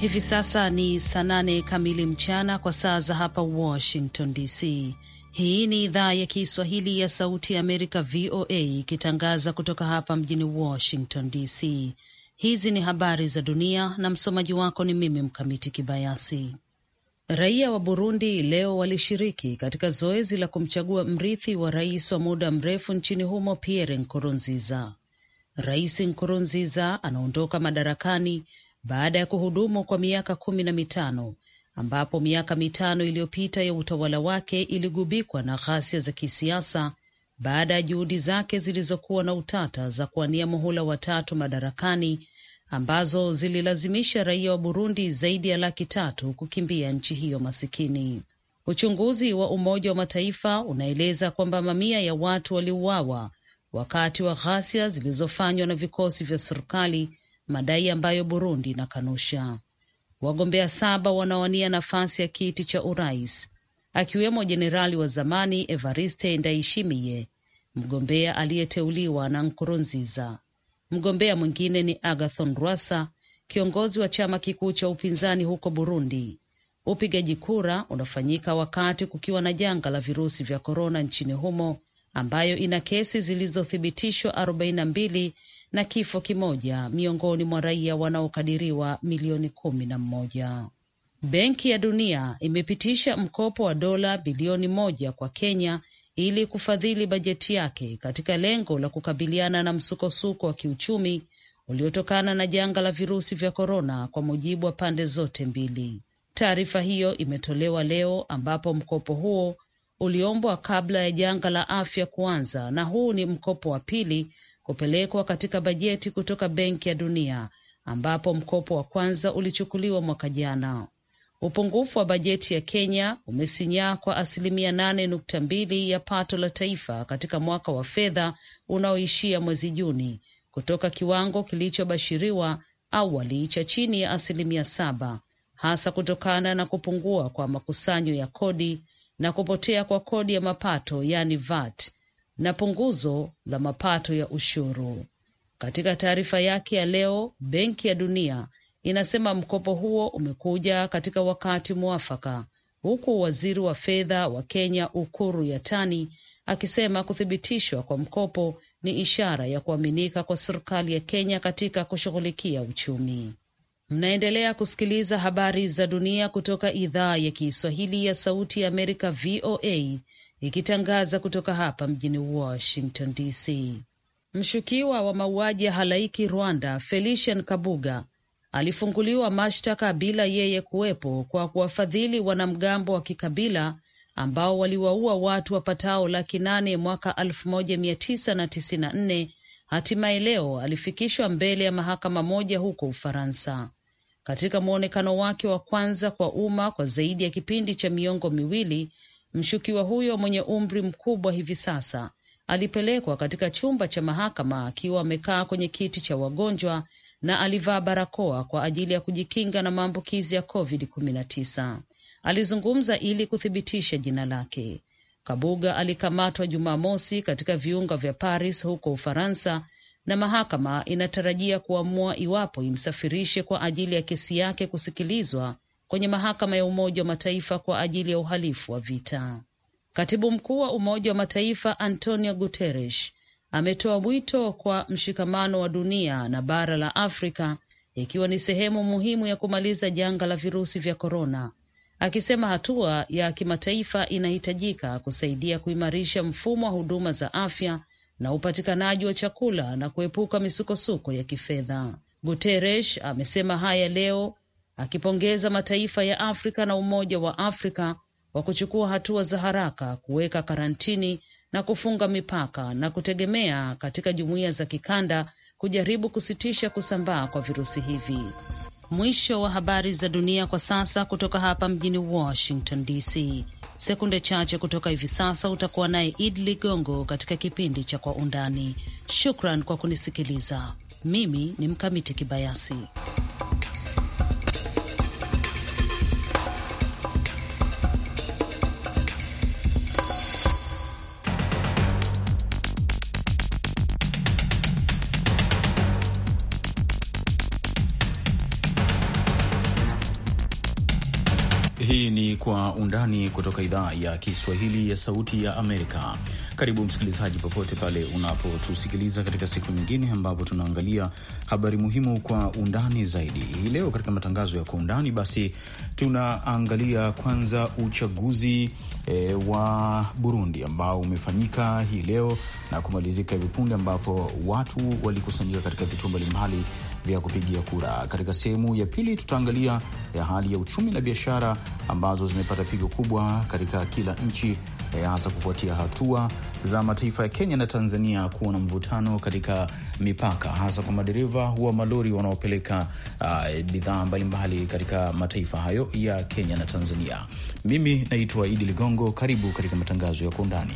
Hivi sasa ni saa nane kamili mchana kwa saa za hapa Washington DC. Hii ni idhaa ya Kiswahili ya Sauti ya Amerika, VOA, ikitangaza kutoka hapa mjini Washington DC. Hizi ni habari za dunia na msomaji wako ni mimi Mkamiti Kibayasi. Raia wa Burundi leo walishiriki katika zoezi la kumchagua mrithi wa rais wa muda mrefu nchini humo Pierre Nkurunziza. Rais Nkurunziza anaondoka madarakani baada ya kuhudumu kwa miaka kumi na mitano ambapo miaka mitano iliyopita ya utawala wake iligubikwa na ghasia za kisiasa baada ya juhudi zake zilizokuwa na utata za kuwania muhula watatu madarakani ambazo zililazimisha raia wa Burundi zaidi ya laki tatu kukimbia nchi hiyo masikini. Uchunguzi wa Umoja wa Mataifa unaeleza kwamba mamia ya watu waliuawa wakati wa ghasia zilizofanywa na vikosi vya serikali madai ambayo Burundi inakanusha. Wagombea saba wanawania nafasi ya kiti cha urais, akiwemo jenerali wa zamani Evariste Ndayishimiye, mgombea aliyeteuliwa na Nkurunziza. Mgombea mwingine ni Agathon Rwasa, kiongozi wa chama kikuu cha upinzani huko Burundi. Upigaji kura unafanyika wakati kukiwa na janga la virusi vya korona nchini humo, ambayo ina kesi zilizothibitishwa mbili na kifo kimoja miongoni mwa raia wanaokadiriwa milioni kumi na mmoja. Benki ya Dunia imepitisha mkopo wa dola bilioni moja kwa Kenya ili kufadhili bajeti yake katika lengo la kukabiliana na msukosuko wa kiuchumi uliotokana na janga la virusi vya korona, kwa mujibu wa pande zote mbili. Taarifa hiyo imetolewa leo ambapo mkopo huo uliombwa kabla ya janga la afya kuanza, na huu ni mkopo wa pili kupelekwa katika bajeti kutoka Benki ya Dunia, ambapo mkopo wa kwanza ulichukuliwa mwaka jana. Upungufu wa bajeti ya Kenya umesinyaa kwa asilimia nane nukta mbili ya pato la taifa katika mwaka wa fedha unaoishia mwezi Juni kutoka kiwango kilichobashiriwa awali cha chini ya asilimia saba, hasa kutokana na kupungua kwa makusanyo ya kodi na kupotea kwa kodi ya mapato yani VAT na punguzo la mapato ya ushuru. Katika taarifa yake ya leo, Benki ya Dunia inasema mkopo huo umekuja katika wakati mwafaka, huku waziri wa fedha wa Kenya Ukuru Yatani akisema kuthibitishwa kwa mkopo ni ishara ya kuaminika kwa serikali ya Kenya katika kushughulikia uchumi. Mnaendelea kusikiliza habari za dunia kutoka idhaa ya Kiswahili ya Sauti ya Amerika, VOA, ikitangaza kutoka hapa mjini Washington DC. Mshukiwa wa mauaji ya halaiki Rwanda, Felician Kabuga alifunguliwa mashtaka bila yeye kuwepo kwa kuwafadhili wanamgambo wa kikabila ambao waliwaua watu wapatao laki nane mwaka 1994. Hatimaye leo alifikishwa mbele ya mahakama moja huko Ufaransa. Katika mwonekano wake wa kwanza kwa umma kwa zaidi ya kipindi cha miongo miwili, Mshukiwa huyo mwenye umri mkubwa hivi sasa alipelekwa katika chumba cha mahakama akiwa amekaa kwenye kiti cha wagonjwa na alivaa barakoa kwa ajili ya kujikinga na maambukizi ya COVID-19. Alizungumza ili kuthibitisha jina lake. Kabuga alikamatwa Jumamosi katika viunga vya Paris huko Ufaransa, na mahakama inatarajia kuamua iwapo imsafirishe kwa ajili ya kesi yake kusikilizwa kwenye mahakama ya Umoja wa Mataifa kwa ajili ya uhalifu wa vita. Katibu mkuu wa Umoja wa Mataifa Antonio Guterres ametoa wito kwa mshikamano wa dunia na bara la Afrika ikiwa ni sehemu muhimu ya kumaliza janga la virusi vya korona, akisema hatua ya kimataifa inahitajika kusaidia kuimarisha mfumo wa huduma za afya na upatikanaji wa chakula na kuepuka misukosuko ya kifedha. Guterres amesema haya leo akipongeza mataifa ya Afrika na Umoja wa Afrika kwa kuchukua hatua za haraka kuweka karantini na kufunga mipaka na kutegemea katika jumuiya za kikanda kujaribu kusitisha kusambaa kwa virusi hivi. Mwisho wa habari za dunia kwa sasa kutoka hapa mjini Washington DC. Sekunde chache kutoka hivi sasa utakuwa naye Id Ligongo katika kipindi cha Kwa Undani. Shukran kwa kunisikiliza. Mimi ni Mkamiti Kibayasi. Kwa Undani kutoka idhaa ya Kiswahili ya Sauti ya Amerika. Karibu msikilizaji, popote pale unapotusikiliza katika siku nyingine ambapo tunaangalia habari muhimu kwa undani zaidi. Hii leo katika matangazo ya Kwa Undani, basi tunaangalia kwanza uchaguzi e, wa Burundi ambao umefanyika hii leo na kumalizika hivi punde, ambapo watu walikusanyika katika vituo mbalimbali vya kupigia kura. Katika sehemu ya pili, tutaangalia ya eh, hali ya uchumi na biashara ambazo zimepata pigo kubwa katika kila nchi, eh, hasa kufuatia hatua za mataifa ya Kenya na Tanzania kuwa na mvutano katika mipaka, hasa kwa madereva wa malori wanaopeleka uh, bidhaa mbalimbali katika mataifa hayo ya Kenya na Tanzania. Mimi naitwa Idi Ligongo, karibu katika matangazo ya Kwa Undani.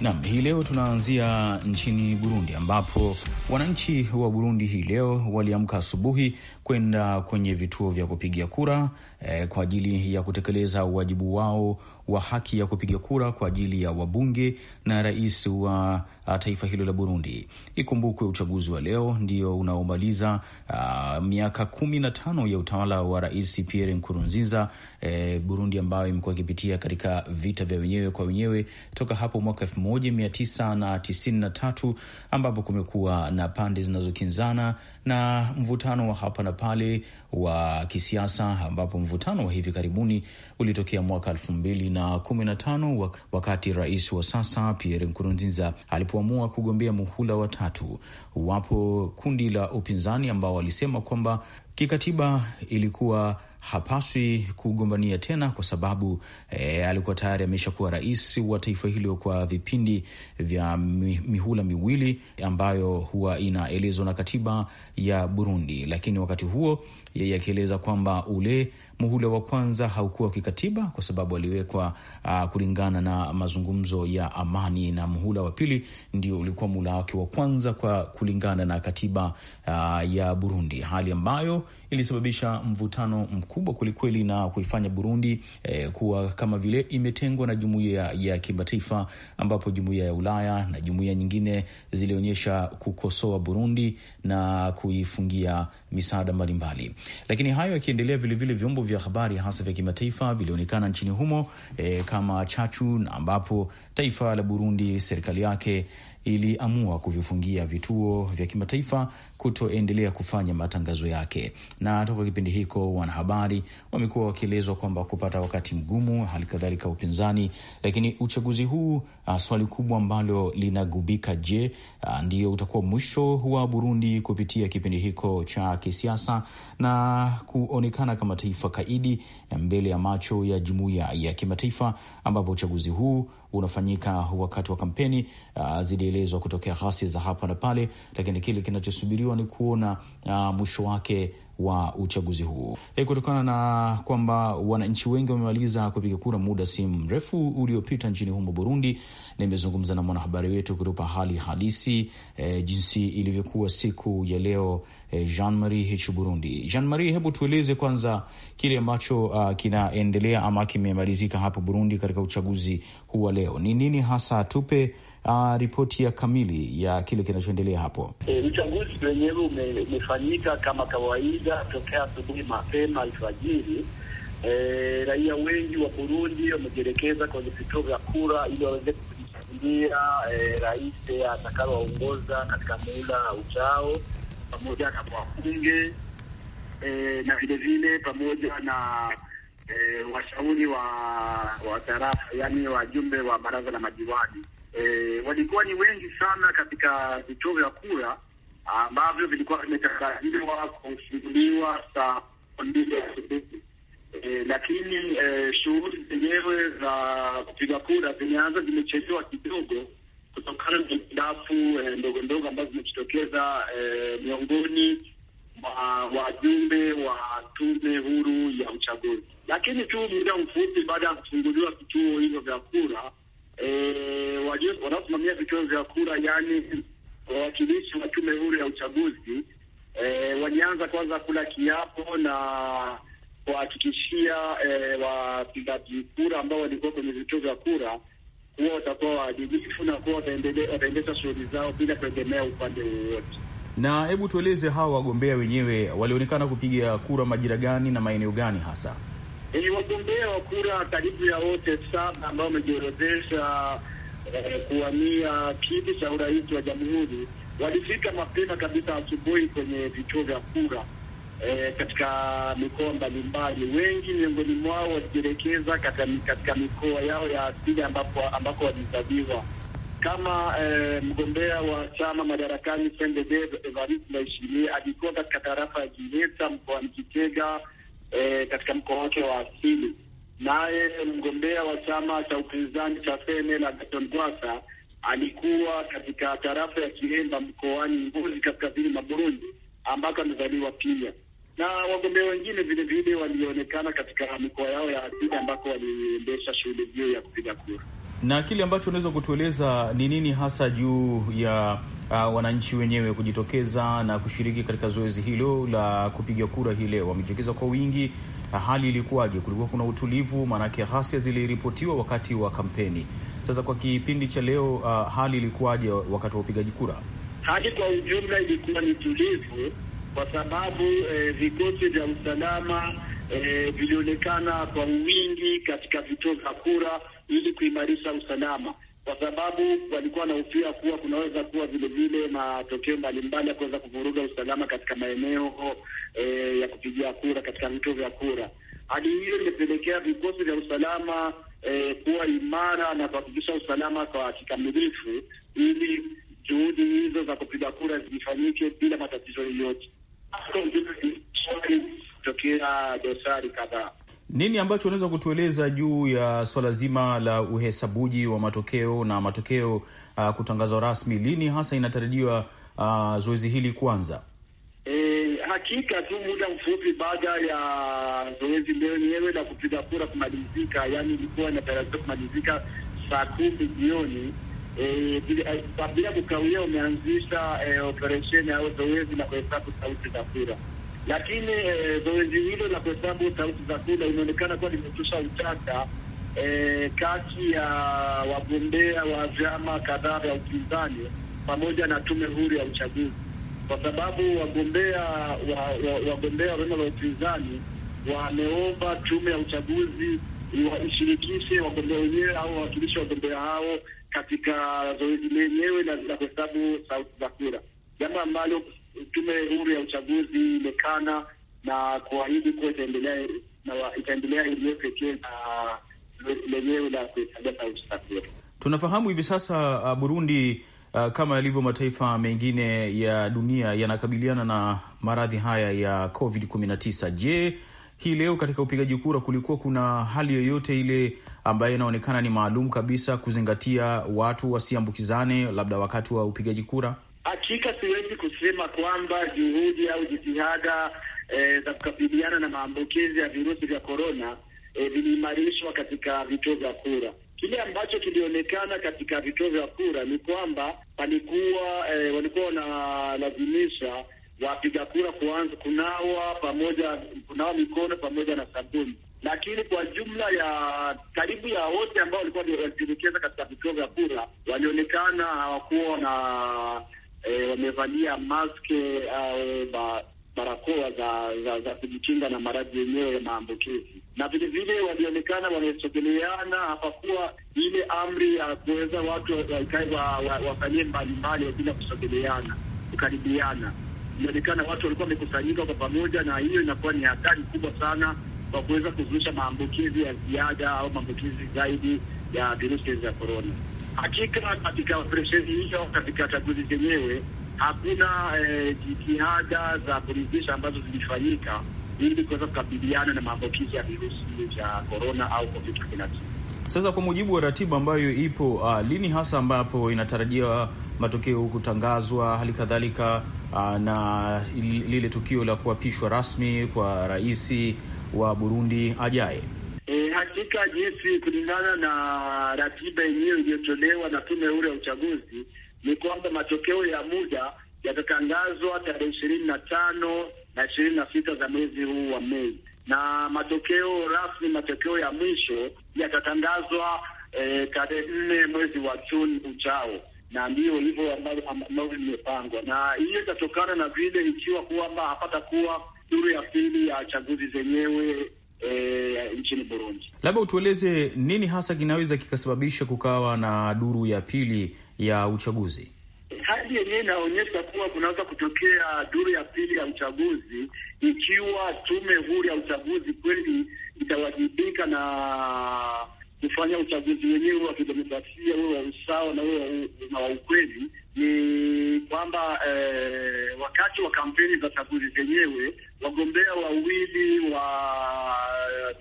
Nam, hii leo tunaanzia nchini Burundi ambapo wananchi wa Burundi hii leo waliamka asubuhi kwenda kwenye vituo vya kupigia kura eh, kwa ajili ya kutekeleza wajibu wao wa haki ya kupiga kura kwa ajili ya wabunge na rais wa uh, taifa hilo la Burundi. Ikumbukwe uchaguzi wa leo ndio unaomaliza uh, miaka kumi na tano ya utawala wa Rais Pierre Nkurunziza eh, Burundi ambayo imekuwa ikipitia katika vita vya wenyewe kwa wenyewe toka hapo mwaka elfu moja mia tisa na tisini na tatu ambapo kumekuwa na pande zinazokinzana na mvutano wa hapa na pale wa kisiasa, ambapo mvutano wa hivi karibuni ulitokea mwaka elfu mbili na kumi na tano wakati rais wa sasa Pierre Nkurunziza alipoamua kugombea muhula wa tatu. Wapo kundi la upinzani ambao walisema kwamba kikatiba ilikuwa hapaswi kugombania tena kwa sababu e, alikuwa tayari ameshakuwa rais wa taifa hilo kwa vipindi vya mihula miwili ambayo huwa inaelezwa na katiba ya Burundi, lakini wakati huo yeye akieleza kwamba ule muhula wa kwanza haukuwa wa kikatiba kwa sababu aliwekwa uh, kulingana na mazungumzo ya amani, na muhula wa pili ndio ulikuwa muhula wake wa kwanza kwa kulingana na katiba uh, ya Burundi, hali ambayo ilisababisha mvutano mkubwa kwelikweli na kuifanya Burundi eh, kuwa kama vile imetengwa na jumuiya ya kimataifa, ambapo jumuiya ya Ulaya na jumuiya nyingine zilionyesha kukosoa Burundi na kuifungia misaada mbalimbali, lakini hayo yakiendelea, vilevile vyombo vya habari hasa vya kimataifa vilionekana nchini humo e, kama chachu, na ambapo taifa la Burundi, serikali yake iliamua kuvifungia vituo vya kimataifa kutoendelea kufanya matangazo yake. Na toka kipindi hiko wanahabari wamekuwa wakielezwa kwamba kupata wakati mgumu, hali kadhalika upinzani. Lakini uchaguzi huu uh, swali kubwa ambalo linagubika, je, uh, ndio utakuwa mwisho wa Burundi kupitia kipindi hiko cha kisiasa na kuonekana kama taifa kaidi eh, mbele ya macho ya jumuiya ya kimataifa, ambapo uchaguzi huu unafanyika wakati wa kampeni uh, zilielezwa kutokea ghasia za hapa na pale, lakini kile kinachosubiriwa wanasubiriwa ni kuona uh, mwisho wake wa uchaguzi huo e, eh, kutokana na kwamba wananchi wengi wamemaliza kupiga kura muda si mrefu uliopita nchini humo Burundi. Nimezungumza na mwanahabari wetu kutupa hali halisi e, jinsi ilivyokuwa siku ya leo. E, eh, Jean Marie hich Burundi. Jean Marie, hebu tueleze kwanza kile ambacho uh, kinaendelea ama kimemalizika hapo Burundi katika uchaguzi huu wa leo ni nini hasa, tupe uh, ripoti ya kamili ya kile kinachoendelea hapo. E, eh, uchaguzi wenyewe umefanyika kama kawaida tokea asubuhi mapema alfajiri. E, raia wengi wa Burundi wamejielekeza kwenye vituo vya kura ili waweze kujichagulia e, eh, rais atakayewaongoza katika muula ujao pamoja na wabunge e, na vilevile pamoja na e, washauri wa wa tarafa, yani wajumbe wa baraza la majiwani e, walikuwa ni wengi sana katika vituo vya kura ambavyo vilikuwa vimetarajiwa kufunguliwa saa mbili asubuhi. E, lakini e, shughuli zenyewe za kupiga kura zimeanza zimechelewa kidogo kutokana na hitilafu e, ndogo ndogo ambazo zimejitokeza e, miongoni mwa wajumbe wa tume huru ya uchaguzi. Lakini tu muda mfupi baada ya kufunguliwa vituo hivyo vya kura, eh, wanaosimamia vituo vya kura, yaani wawakilishi wa tume huru ya uchaguzi e, walianza kwanza kula kiapo na kuhakikishia e, wapigaji kura ambao walikuwa kwenye vituo vya kura kuwa watakuwa waadilifu na kuwa wataendesha shughuli zao bila kuegemea upande wowote. Na hebu tueleze hawa wagombea wenyewe walionekana kupiga kura majira gani na maeneo gani hasa? Ni wagombea wa kura karibu ya wote saba ambao wamejiorodhesha eh, kuwania kiti cha urais wa jamhuri walifika mapema kabisa asubuhi kwenye vituo vya kura eh, katika mikoa mbalimbali. Wengi miongoni mwao walijielekeza katika, katika mikoa yao ya asili ambako, ambako walizaliwa kama eh, mgombea wa chama madarakani Evariste Ndayishimiye alikuwa katika tarafa ya Kineta mkoani Kitega e, katika mkoa wake wa asili. Naye mgombea wa chama cha upinzani cha FNL Agathon gwasa alikuwa katika tarafa ya Kiremba mkoani Ngozi kaskazini mwa Burundi ambako amezaliwa pia, na wagombea wengine vile vile walionekana katika mikoa yao ya asili ambako waliendesha shughuli hiyo ya kupiga kura na kile ambacho unaweza kutueleza ni nini hasa juu ya uh, wananchi wenyewe kujitokeza na kushiriki katika zoezi hilo la kupiga kura hii leo? Wamejitokeza kwa wingi? Hali ilikuwaje? Kulikuwa kuna utulivu? Maanake ghasia ziliripotiwa wakati wa kampeni. Sasa kwa kipindi cha leo, uh, hali ilikuwaje wakati wa upigaji kura? Hali kwa ujumla ilikuwa ni tulivu, kwa sababu eh, vikosi vya usalama e, vilionekana kwa wingi katika vituo vya kura ili kuimarisha usalama, kwa sababu walikuwa na kuwa kunaweza kuwa vilevile matokeo mbalimbali ya kuweza kuvuruga usalama katika maeneo e, ya kupigia kura katika vituo vya kura. Hali hiyo imepelekea vikosi vya usalama e, kuwa imara na kuhakikisha usalama kwa kikamilifu ili juhudi hizo za kupiga kura zifanyike bila matatizo yoyote kutokea dosari kadhaa. Nini ambacho unaweza kutueleza juu ya swala zima la uhesabuji wa matokeo na matokeo uh, kutangazwa rasmi? Lini hasa inatarajiwa uh, zoezi hili kuanza? E, hakika tu muda mfupi baada ya zoezi lenyewe la kupiga kura kumalizika, yani ilikuwa inatarajiwa kumalizika saa kumi jioni. E, kukawia umeanzisha e, operesheni au zoezi la kuhesabu sauti za kura lakini eh, zoezi hilo la kuhesabu sauti za kura inaonekana kuwa limetusha utata e, kati ya wagombea wa vyama kadhaa vya upinzani pamoja na tume huru ya uchaguzi, kwa sababu wagombea wagombea wa vyama vya upinzani wameomba tume ya uchaguzi ishirikishe wagombea wenyewe au wawakilishi wagombea hao katika zoezi lenyewe la kuhesabu sauti za kura, jambo ambalo tume huru ya uchaguzi imekana na kuahidi kuwa itaendelea eneo pekee na lenyewe la kuhesabiwa za Tunafahamu hivi sasa uh, Burundi uh, kama yalivyo mataifa mengine ya dunia yanakabiliana na maradhi haya ya Covid 19. Je, hii leo katika upigaji kura kulikuwa kuna hali yoyote ile ambayo inaonekana ni maalum kabisa kuzingatia watu wasiambukizane labda wakati wa upigaji kura? Hakika siwezi kusema kwamba juhudi au jitihada e, za kukabiliana na maambukizi ya virusi vya korona eh, viliimarishwa e, katika vituo vya kura. Kile ambacho kilionekana katika vituo vya kura ni kwamba palikuwa e, walikuwa wanalazimisha wapiga kura kuanza kunawa pamoja kunawa mikono pamoja na sabuni, lakini kwa jumla ya karibu ya wote ambao walikuwa walijitokeza katika vituo vya kura walionekana hawakuwa na Eh, wamevalia maske au eh, eh, ba, barakoa za, za, za kujikinga na maradhi yenyewe ya maambukizi, na vilevile walionekana wamesogeleana. Hapakuwa ile amri ya kuweza watu waikae wa, wa, wafanyie mbalimbali bila kusogeleana, kukaribiana. inaonekana watu walikuwa wamekusanyika kwa pamoja, na hiyo inakuwa ni hatari kubwa sana kwa kuweza kuzusha maambukizi ya ziada au maambukizi zaidi ya virusi vya korona. Hakika katika operesheni hiyo, katika chaguzi zenyewe hakuna eh, jitihada za kuridhisha ambazo zilifanyika ili kuweza kukabiliana na maambukizi ya virusi vya korona au covid 19. Sasa kwa mujibu wa ratiba ambayo ipo, uh, lini hasa ambapo inatarajiwa matokeo kutangazwa, hali kadhalika uh, na lile tukio la kuapishwa rasmi kwa rais wa Burundi ajaye? hakika jinsi kulingana na ratiba yenyewe iliyotolewa na tume huru ya uchaguzi ni kwamba matokeo ya muda yatatangazwa tarehe ishirini na tano na ishirini na sita za mwezi huu wa Mei, na matokeo rasmi, matokeo ya mwisho yatatangazwa eh, tarehe nne mwezi wa Juni ujao, na ndiyo hivyo ambavyo vimepangwa, na hiyo itatokana na vile ikiwa kwamba hapatakuwa duru ya pili ya chaguzi zenyewe e, nchini Burundi. Labda utueleze nini hasa kinaweza kikasababisha kukawa na duru ya pili ya uchaguzi? Eh, hali yenyewe inaonyesha kuwa kunaweza kutokea duru ya pili ya uchaguzi ikiwa tume huru ya uchaguzi kweli itawajibika na kufanya uchaguzi wenyewe wa kidemokrasia, uwe wa usawa na uwe na wa ukweli ni kwamba eh, wakati wa kampeni za chaguzi zenyewe wagombea wawili wa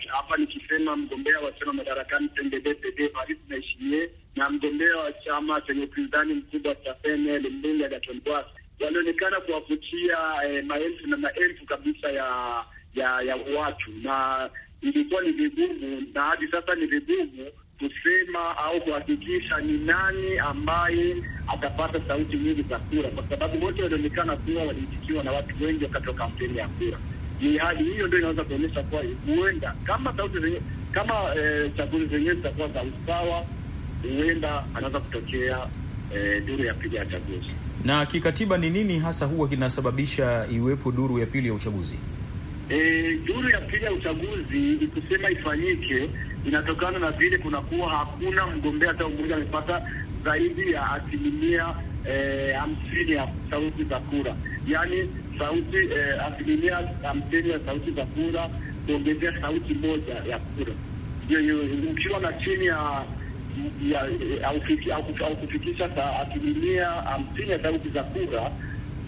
hapa nikisema mgombea wa chama madarakani PNDD-PD Paris Ndayishimiye na mgombea wa chama chenye upinzani mkubwa cha PNL Mbunge Agathon Rwasa walionekana kuwavutia eh, maelfu na maelfu kabisa ya ya ya watu, na ilikuwa ni vigumu na hadi sasa ni vigumu kusema au kuhakikisha ni nani ambaye atapata sauti nyingi za kura, kwa sababu wote walionekana kuwa waliitikiwa na watu wengi wakati wa kampeni ya kura. Ni hali hiyo ndio inaweza kuonyesha kuwa huenda kama sauti zenye, kama e, chaguzi zenyewe zitakuwa za usawa, huenda anaweza kutokea e, duru ya pili ya chaguzi. Na kikatiba ni nini hasa huwa kinasababisha iwepo duru ya pili ya uchaguzi? E, duru ya pili ya uchaguzi ikusema ifanyike inatokana na vile kunakuwa hakuna mgombea hata mmoja amepata zaidi ya asilimia e, hamsini e, ya sauti za kura, yaani sauti e, asilimia hamsini ya sauti za kura kuongezea sauti moja ya kura, ukiwa na chini ya ya, au kufikisha asilimia hamsini ya sauti za kura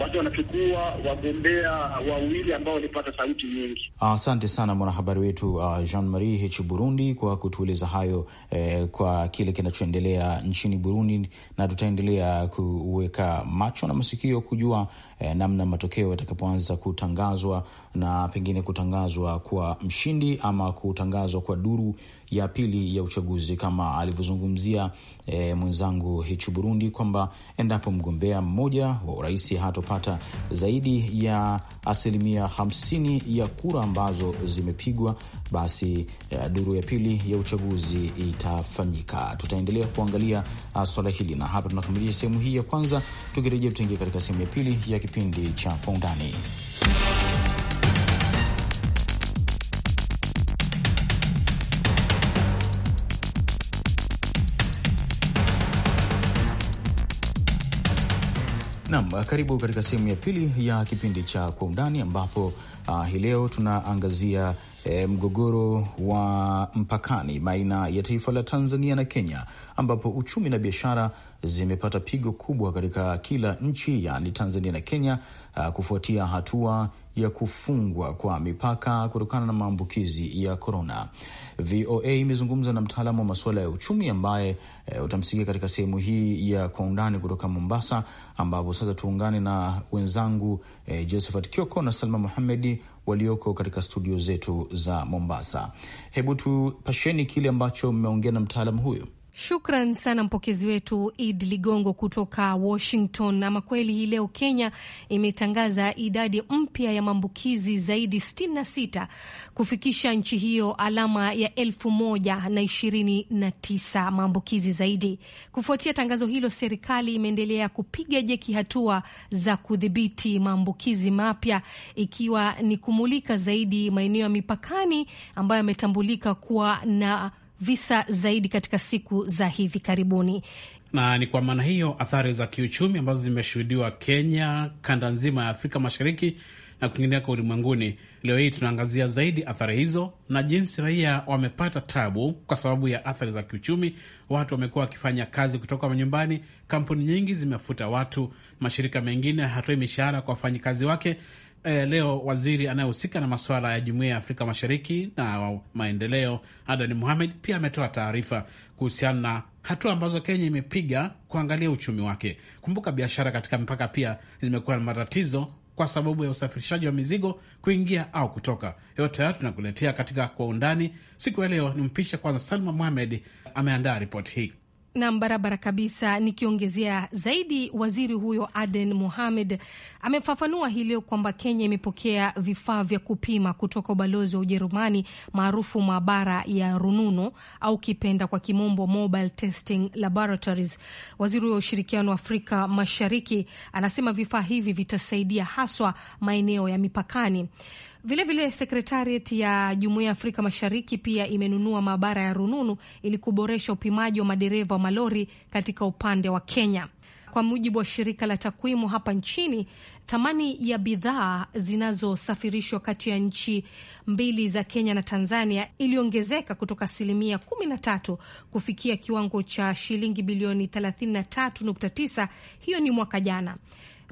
watu wanachukua wagombea wawili ambao walipata sauti nyingi. Asante ah, sana mwanahabari wetu uh, Jean Marie h Burundi kwa kutueleza hayo eh, kwa kile kinachoendelea nchini Burundi, na tutaendelea kuweka macho na masikio kujua eh, namna matokeo yatakapoanza kutangazwa na pengine kutangazwa kwa mshindi ama kutangazwa kwa duru ya pili ya uchaguzi, kama alivyozungumzia e, mwenzangu Hichu Burundi kwamba endapo mgombea mmoja wa urais hatopata zaidi ya asilimia 50 ya kura ambazo zimepigwa basi uh, duru ya pili ya uchaguzi itafanyika. Tutaendelea kuangalia uh, swala hili, na hapa tunakamilisha sehemu hii ya kwanza. Tukirejea tutaingia katika sehemu ya pili ya kipindi cha kwa undani. Nam, karibu katika sehemu ya pili ya kipindi cha kwa undani ambapo uh, hii leo tunaangazia e, mgogoro wa mpakani baina ya taifa la Tanzania na Kenya, ambapo uchumi na biashara zimepata pigo kubwa katika kila nchi, yaani Tanzania na Kenya, a, kufuatia hatua ya kufungwa kwa mipaka kutokana na maambukizi ya korona. VOA imezungumza na mtaalamu wa masuala ya uchumi ambaye e, utamsikia katika sehemu hii ya kwa undani kutoka Mombasa, ambapo sasa tuungane na wenzangu e, Josephat Kioko na Salma Muhamedi walioko katika studio zetu za Mombasa. Hebu tupasheni kile ambacho mmeongea na mtaalamu huyo. Shukran sana mpokezi wetu Id Ligongo kutoka Washington. Ama kweli hii leo Kenya imetangaza idadi mpya ya maambukizi zaidi 66 kufikisha nchi hiyo alama ya elfu na maambukizi zaidi. Kufuatia tangazo hilo, serikali imeendelea kupiga jeki hatua za kudhibiti maambukizi mapya, ikiwa ni kumulika zaidi maeneo ya mipakani ambayo yametambulika kuwa na visa zaidi katika siku za hivi karibuni. Na ni kwa maana hiyo athari za kiuchumi ambazo zimeshuhudiwa Kenya, kanda nzima ya Afrika Mashariki na kwingineko ulimwenguni. Leo hii tunaangazia zaidi athari hizo na jinsi raia wamepata tabu kwa sababu ya athari za kiuchumi. Watu wamekuwa wakifanya kazi kutoka manyumbani, kampuni nyingi zimefuta watu, mashirika mengine hatoi mishahara kwa wafanyikazi wake, E, leo waziri anayehusika na masuala ya Jumuiya ya Afrika Mashariki na maendeleo adani Mohamed pia ametoa taarifa kuhusiana na hatua ambazo Kenya imepiga kuangalia uchumi wake. Kumbuka biashara katika mpaka pia zimekuwa na matatizo kwa sababu ya usafirishaji wa mizigo kuingia au kutoka. Yote hayo tunakuletea katika kwa undani siku ya leo. Ni mpisha kwanza, Salma Mohamed ameandaa ripoti hii. Nam, barabara kabisa. Nikiongezea zaidi, waziri huyo Aden Mohamed amefafanua leo kwamba Kenya imepokea vifaa vya kupima kutoka ubalozi wa Ujerumani, maarufu maabara ya rununu au kipenda kwa kimombo mobile testing laboratories. Waziri huyo wa ushirikiano wa Afrika Mashariki anasema vifaa hivi vitasaidia haswa maeneo ya mipakani. Vilevile, sekretariat ya Jumuiya ya Afrika Mashariki pia imenunua maabara ya rununu ili kuboresha upimaji wa madereva wa malori katika upande wa Kenya. Kwa mujibu wa shirika la takwimu hapa nchini, thamani ya bidhaa zinazosafirishwa kati ya nchi mbili za Kenya na Tanzania iliongezeka kutoka asilimia 13 kufikia kiwango cha shilingi bilioni 33.9. Hiyo ni mwaka jana.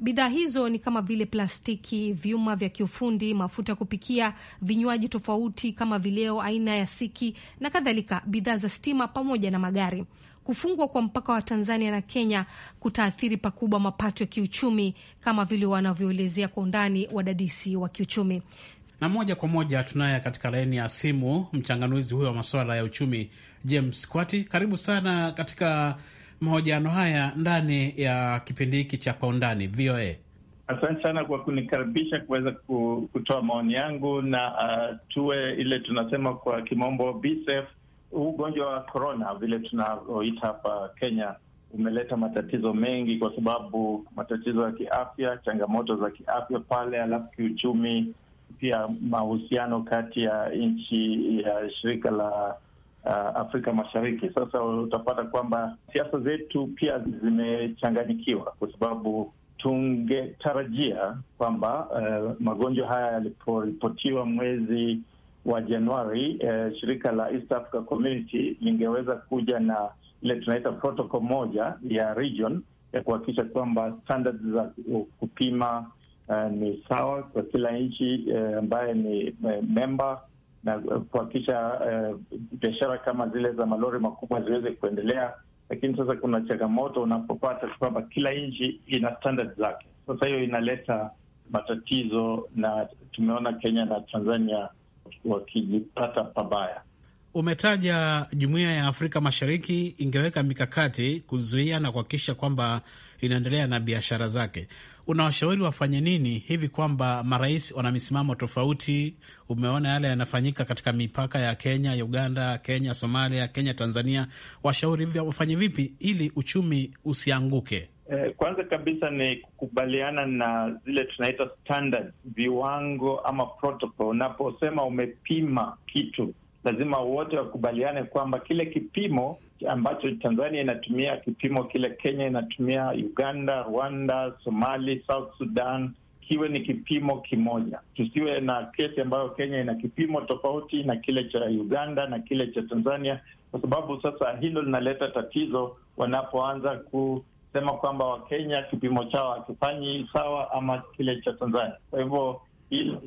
Bidhaa hizo ni kama vile plastiki, vyuma vya kiufundi, mafuta ya kupikia, vinywaji tofauti kama vileo aina ya siki na kadhalika, bidhaa za stima pamoja na magari kufungwa kwa mpaka wa Tanzania na Kenya kutaathiri pakubwa mapato ya kiuchumi kama vile wanavyoelezea kwa undani wadadisi wa kiuchumi. Na moja kwa moja tunaye katika laini ya simu mchanganuzi huyo wa masuala ya uchumi James Kwati, karibu sana katika mahojiano haya ndani ya kipindi hiki cha kwa undani VOA. Asante sana kwa kunikaribisha kuweza kutoa maoni yangu na uh, tuwe ile tunasema kwa kimombo BSF ugonjwa wa korona vile tunavyoita hapa Kenya umeleta matatizo mengi, kwa sababu matatizo ya kiafya, changamoto za kiafya pale, alafu kiuchumi pia, mahusiano kati ya nchi ya shirika la uh, Afrika Mashariki. Sasa utapata kwamba siasa zetu pia zimechanganyikiwa, kwa sababu tungetarajia kwamba uh, magonjwa haya yaliporipotiwa mwezi wa Januari eh, shirika la East Africa Community lingeweza kuja na ile tunaita protocol moja ya region ya kuhakikisha kwamba standards za kupima uh, ni sawa kwa kila nchi eh, ambaye ni eh, memba na kuhakikisha uh, biashara kama zile za malori makubwa ziweze kuendelea. Lakini sasa kuna changamoto unapopata kwamba kila nchi ina standards zake. Sasa hiyo inaleta matatizo, na tumeona Kenya na Tanzania wakijipata pabaya. Umetaja jumuiya ya Afrika Mashariki ingeweka mikakati kuzuia na kuhakikisha kwamba inaendelea na biashara zake. Unawashauri wafanye nini hivi kwamba marais wana misimamo tofauti? Umeona yale yanafanyika katika mipaka ya Kenya, Uganda, Kenya, Somalia, Kenya, Tanzania. Washauri wafanye vipi ili uchumi usianguke? Eh, kwanza kabisa ni kukubaliana na zile tunaita standards, viwango ama protocol. Unaposema umepima kitu, lazima wote wakubaliane kwamba kile kipimo ambacho Tanzania inatumia, kipimo kile Kenya inatumia, Uganda, Rwanda, Somali, South Sudan, kiwe ni kipimo kimoja. Tusiwe na kesi ambayo Kenya ina kipimo tofauti na kile cha Uganda na kile cha Tanzania, kwa sababu sasa hilo linaleta tatizo wanapoanza ku sema kwamba Wakenya kipimo chao hakifanyi sawa ama kile cha Tanzania. Kwa hivyo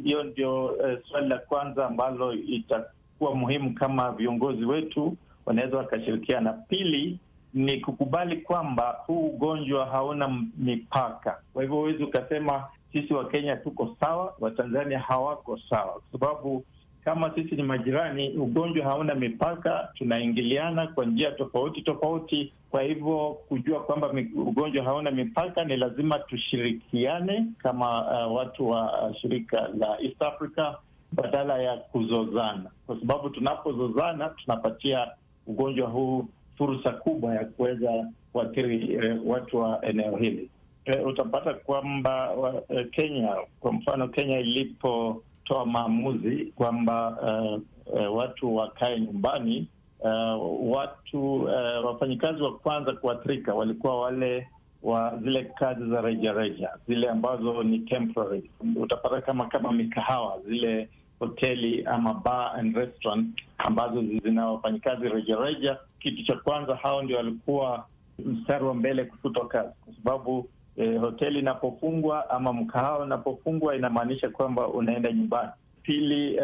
hiyo ndio eh, swali la kwanza ambalo itakuwa muhimu kama viongozi wetu wanaweza wakashirikiana. Pili ni kukubali kwamba huu ugonjwa hauna mipaka. Kwa hivyo huwezi ukasema sisi Wakenya tuko sawa, Watanzania hawako sawa, kwa sababu kama sisi ni majirani, ugonjwa hauna mipaka, tunaingiliana kwa njia tofauti tofauti. Kwa hivyo kujua kwamba ugonjwa hauna mipaka, ni lazima tushirikiane kama uh, watu wa uh, shirika la East Africa badala ya kuzozana, kwa sababu tunapozozana tunapatia ugonjwa huu fursa kubwa ya kuweza kuathiri eh, watu wa eneo hili. Eh, utapata kwamba eh, Kenya kwa mfano, Kenya ilipo kutoa maamuzi kwamba uh, uh, watu wakae nyumbani. Uh, watu uh, wafanyikazi wa kwanza kuathirika walikuwa wale wa zile kazi za rejareja zile ambazo ni temporary. Utapata kama kama mikahawa zile hoteli ama bar and restaurant ambazo zina wafanyikazi rejareja. Kitu cha kwanza, hao ndio walikuwa mstari wa mbele kufutwa kazi, kwa sababu e, hoteli inapofungwa ama mkahawa unapofungwa inamaanisha kwamba unaenda nyumbani. Pili, e,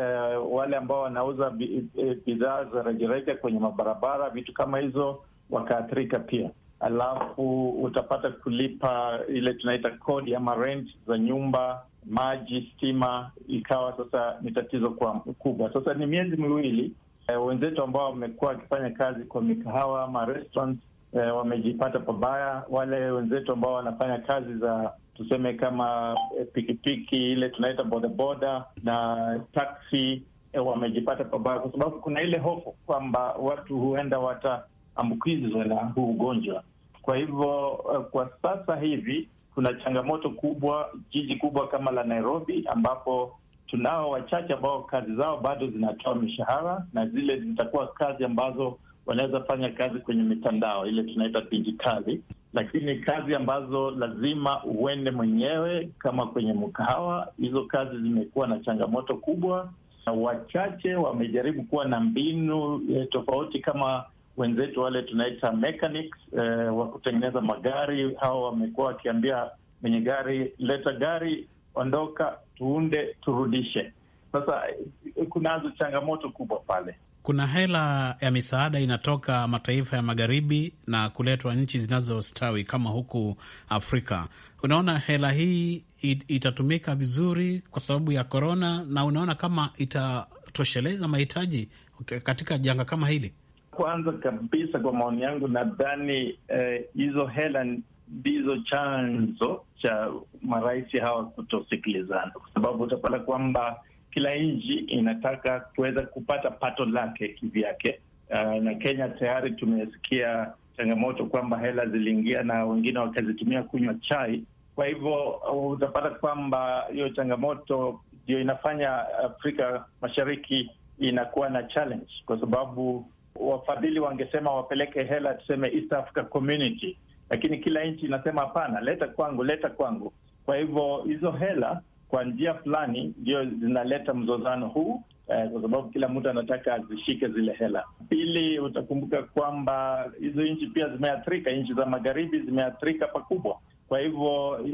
wale ambao wanauza e, bidhaa za rejareja kwenye mabarabara, vitu kama hizo, wakaathirika pia. Alafu utapata kulipa ile tunaita kodi ama rent za nyumba, maji, stima, ikawa sasa ni tatizo kubwa. Sasa ni miezi miwili, e, wenzetu ambao wamekuwa wakifanya kazi kwa mikahawa ama restaurants e, wamejipata pabaya. Wale wenzetu ambao wanafanya kazi za tuseme kama eh, pikipiki ile tunaita bodaboda na taksi e, eh, wamejipata pabaya, kwa sababu kuna ile hofu kwamba watu huenda wataambukizwa na huu ugonjwa. Kwa hivyo kwa sasa hivi kuna changamoto kubwa jiji kubwa kama la Nairobi, ambapo tunao wachache ambao kazi zao bado zinatoa mishahara na zile zitakuwa kazi ambazo wanaweza fanya kazi kwenye mitandao ile tunaita dijitali, lakini kazi ambazo lazima uende mwenyewe kama kwenye mkahawa, hizo kazi zimekuwa na changamoto kubwa, na wachache wamejaribu kuwa na mbinu eh, tofauti kama wenzetu wale tunaita mechanics eh, wa kutengeneza magari. Hawa wamekuwa wakiambia mwenye gari, leta gari, ondoka, tuunde, turudishe. Sasa eh, kunazo changamoto kubwa pale kuna hela ya misaada inatoka mataifa ya magharibi na kuletwa nchi zinazostawi kama huku Afrika. Unaona hela hii itatumika vizuri kwa sababu ya korona, na unaona kama itatosheleza mahitaji katika janga kama hili? Kwanza kabisa, kwa maoni yangu, nadhani eh, hizo eh, hela ndizo chanzo cha marais hawa kutosikilizana, kwa sababu utapata kwamba kila nchi inataka kuweza kupata pato lake kivyake. Uh, na Kenya tayari tumesikia changamoto kwamba hela ziliingia na wengine wakazitumia kunywa chai. Kwa hivyo uh, utapata kwamba hiyo changamoto ndio inafanya Afrika Mashariki inakuwa na challenge, kwa sababu wafadhili wangesema wapeleke hela tuseme East Africa Community, lakini kila nchi inasema hapana, leta kwangu, leta kwangu. Kwa hivyo hizo hela kwa njia fulani ndio zinaleta mzozano huu eh, kwa sababu kila mtu anataka azishike zile hela. Pili, utakumbuka kwamba hizo nchi pia zimeathirika, nchi za magharibi zimeathirika pakubwa. Kwa hivyo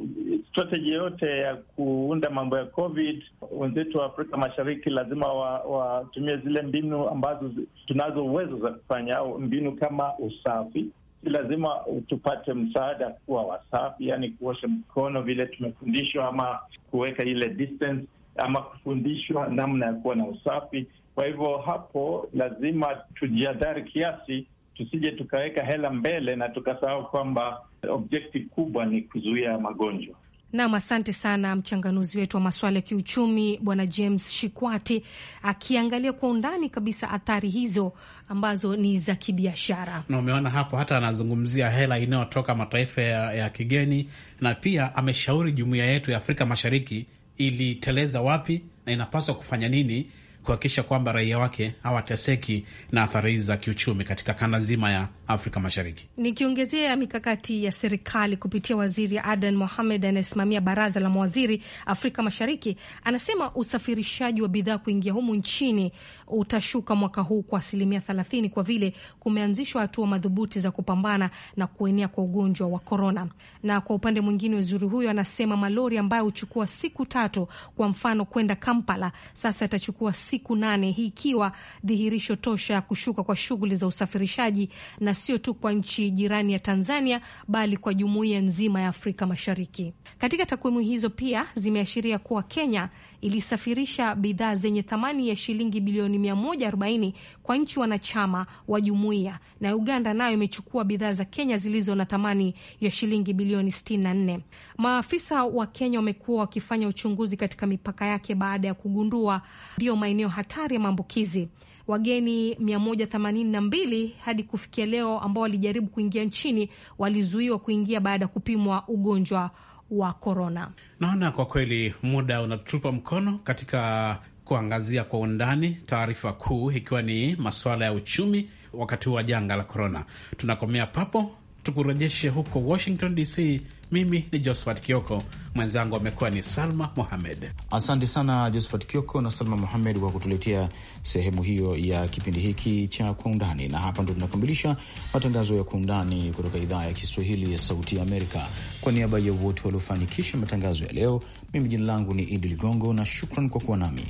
strateji yote ya kuunda mambo ya COVID, wenzetu wa Afrika Mashariki lazima watumie wa zile mbinu ambazo tunazo uwezo za kufanya, au mbinu kama usafi lazima tupate msaada kuwa wasafi, yani kuosha mkono vile tumefundishwa, ama kuweka ile distance, ama kufundishwa namna ya kuwa na usafi. Kwa hivyo hapo lazima tujiadhari kiasi, tusije tukaweka hela mbele na tukasahau kwamba objekti kubwa ni kuzuia magonjwa. Nam, asante sana mchanganuzi wetu wa masuala ya kiuchumi Bwana James Shikwati akiangalia kwa undani kabisa athari hizo ambazo ni za kibiashara, na umeona hapo hata anazungumzia hela inayotoka mataifa ya, ya kigeni, na pia ameshauri jumuiya yetu ya Afrika Mashariki iliteleza wapi na inapaswa kufanya nini kuhakikisha kwamba raia wake hawateseki na athari hizi za kiuchumi katika kanda nzima ya Afrika Mashariki. Nikiongezea mikakati ya serikali kupitia waziri Adan Mohamed anayesimamia baraza la mawaziri Afrika Mashariki, anasema usafirishaji wa bidhaa kuingia humu nchini utashuka mwaka huu kwa asilimia thelathini kwa vile kumeanzishwa hatua madhubuti za kupambana na kuenea kwa ugonjwa wa korona. Na kwa upande mwingine, waziri huyo anasema malori ambayo huchukua siku tatu kwa mfano kwenda Kampala sasa yatachukua siku nane, hii ikiwa dhihirisho tosha ya kushuka kwa shughuli za usafirishaji na sio tu kwa nchi jirani ya Tanzania bali kwa jumuiya nzima ya Afrika Mashariki. Katika takwimu hizo pia zimeashiria kuwa Kenya ilisafirisha bidhaa zenye thamani ya shilingi bilioni 140 kwa nchi wanachama wa jumuiya, na Uganda nayo imechukua bidhaa za Kenya zilizo na thamani ya shilingi bilioni 64. Maafisa wa Kenya wamekuwa wakifanya uchunguzi katika mipaka yake baada ya kugundua ndiyo maeneo hatari ya maambukizi wageni 182 hadi kufikia leo ambao walijaribu kuingia nchini walizuiwa kuingia baada ya kupimwa ugonjwa wa korona. Naona kwa kweli muda unatupa mkono katika kuangazia kwa undani taarifa kuu ikiwa ni masuala ya uchumi wakati huu wa janga la korona. Tunakomea papo tukurejeshe huko Washington DC. Mimi ni Josphat Kioko, mwenzangu amekuwa ni Salma Mohamed. Asante sana Josphat Kioko na Salma Mohamed kwa kutuletea sehemu hiyo ya kipindi hiki cha Kwa Undani, na hapa ndo tunakamilisha matangazo ya Kwa Undani kutoka idhaa ya Kiswahili ya Sauti ya Amerika. Kwa niaba ya wote waliofanikisha matangazo ya leo, mimi jina langu ni Idi Ligongo na shukran kwa kuwa nami.